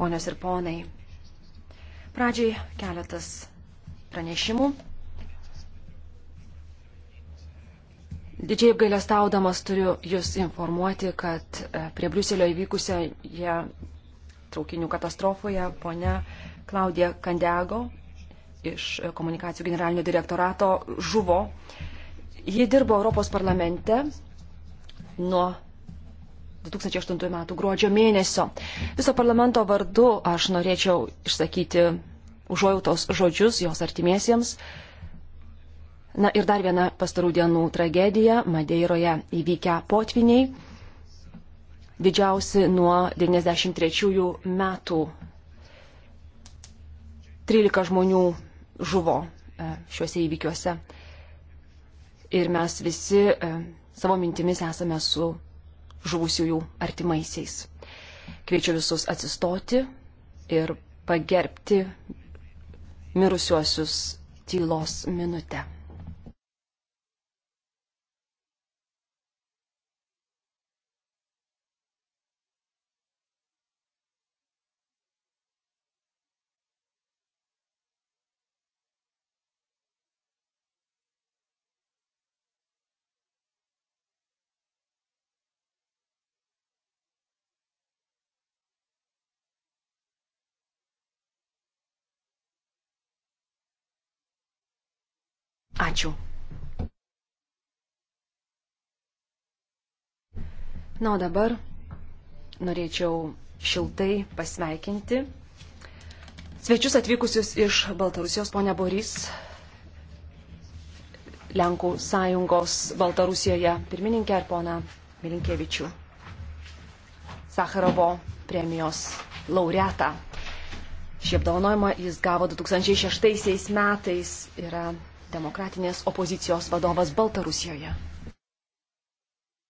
ponios ir ponai. Pradžiai keletas pranešimų. Didžiai apgailestaudamas turiu Jūs informuoti, kad e, prie Briuselio įvykusioje traukinių katastrofoje ponia Klaudija Kandego iš e, komunikacijų generalinio direktorato žuvo. Ji dirbo Europos parlamente nuo 2008 m. gruodžio mėnesio. Viso parlamento vardu aš norėčiau išsakyti užuojautos žodžius jos artimiesiems. Na ir dar viena pastarų dienų tragedija - Madeiroje įvykę potviniai, didžiausi nuo 93 metų. 13 žmonių žuvo e, šiuose įvykiuose. Ir mes visi e, savo mintimis esame su žuvusiųjų artimaisiais. Kviečiu visus atsistoti ir pagerbti mirusiuosius tylos minutę. Ačiū. Na, o dabar norėčiau šiltai pasveikinti svečius atvykusius iš Baltarusijos, ponia Boris, Lenkų sąjungos Baltarusijoje pirmininkė ir pona Milinkievičių, Sakarovo premijos laureatą. Šį apdovanojimą jis gavo 2006 metais, yra demokratinės opozicijos vadovas Baltarusijoje.